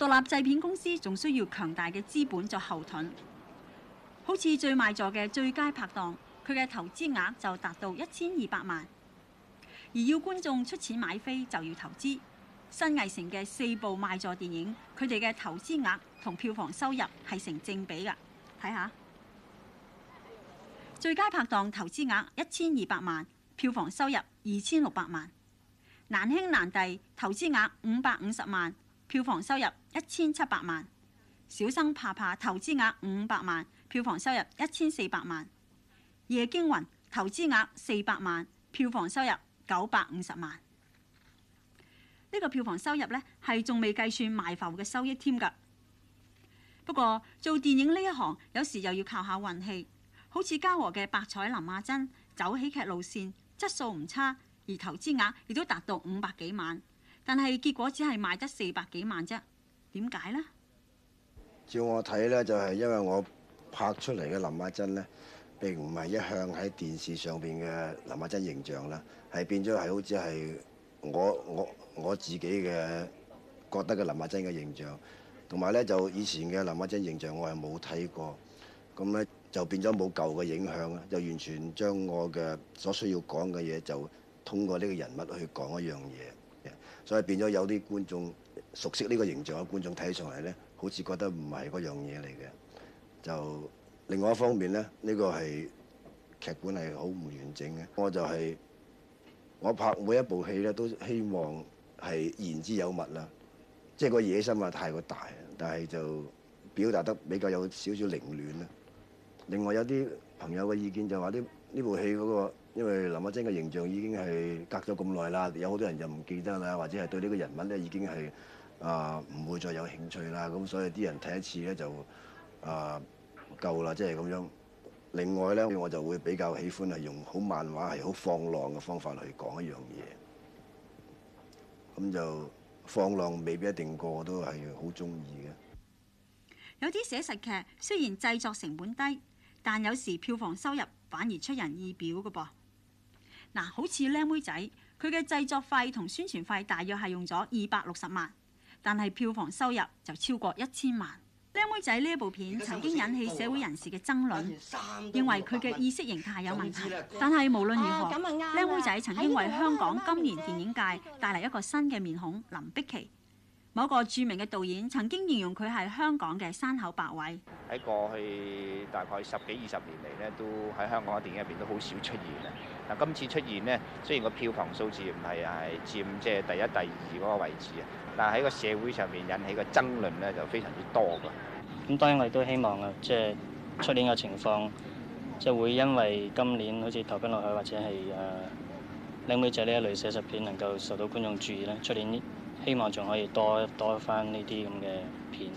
獨立製片公司仲需要強大嘅資本作後盾，好似最賣座嘅《最佳拍檔》，佢嘅投資額就達到一千二百萬，而要觀眾出錢買飛就要投資。新藝城嘅四部賣座電影，佢哋嘅投資額同票房收入係成正比㗎。睇下《最佳拍檔》，投資額一千二百萬，票房收入二千六百萬，難兄難弟，投資額五百五十萬。票房收入一千七百萬，小生怕怕，投資額五百萬，票房收入一千四百萬。夜驚魂，投資額四百萬，票房收入九百五十萬。呢、這個票房收入呢，係仲未計算賣埠嘅收益添㗎。不過做電影呢一行有時又要靠下運氣，好似嘉禾嘅《八彩林亞珍》，走喜劇路線，質素唔差，而投資額亦都達到五百幾萬。但係結果只係賣得四百幾萬啫，點解呢？照我睇呢，就係、是、因為我拍出嚟嘅林阿珍呢，並唔係一向喺電視上邊嘅林阿珍形象啦，係變咗係好似係我我我自己嘅覺得嘅林阿珍嘅形象，同埋呢就以前嘅林阿珍形象我係冇睇過，咁呢，就變咗冇舊嘅影響啦，就完全將我嘅所需要講嘅嘢就通過呢個人物去講一樣嘢。所以變咗有啲觀眾熟悉呢個形象嘅觀眾睇上嚟咧，好似覺得唔係嗰樣嘢嚟嘅。就另外一方面咧，呢個係劇本係好唔完整嘅。我就係我拍每一部戲咧，都希望係言之有物啦。即係個野心啊，太過大，但係就表達得比較有少少凌亂啦。另外有啲朋友嘅意見就話，呢呢部戲嗰個。因為林亞珍嘅形象已經係隔咗咁耐啦，有好多人就唔記得啦，或者係對呢個人物咧已經係啊唔會再有興趣啦。咁所以啲人睇一次咧就啊夠啦，即係咁樣。另外咧，我就會比較喜歡係用好漫畫係好放浪嘅方法嚟講一樣嘢，咁就放浪未必一定過，我都係好中意嘅。有啲寫實劇雖然製作成本低，但有時票房收入反而出人意表嘅噃。嗱，好似靚妹仔，佢嘅製作費同宣傳費大約係用咗二百六十萬，但係票房收入就超過一千萬。靚妹仔呢一部片曾經引起社會人士嘅爭論，認為佢嘅意識形態有問題。但係無論如何，靚妹仔曾經為香港今年電影界帶嚟一個新嘅面孔林碧琪。某個著名嘅導演曾經形容佢係香港嘅山口百惠。喺過去大概十幾二十年嚟咧，都喺香港嘅電影入邊都好少出現啊！嗱，今次出現咧，雖然個票房數字唔係係佔即係第一、第二嗰個位置啊，但係喺個社會上面引起嘅爭論咧就非常之多㗎。咁當然我亦都希望啊，即係出年嘅情況，即係會因為今年好似《投奔怒海》或者係《啊靚妹仔》呢一類寫實片能夠受到觀眾注意咧，出年。希望仲可以多多翻呢啲咁嘅片。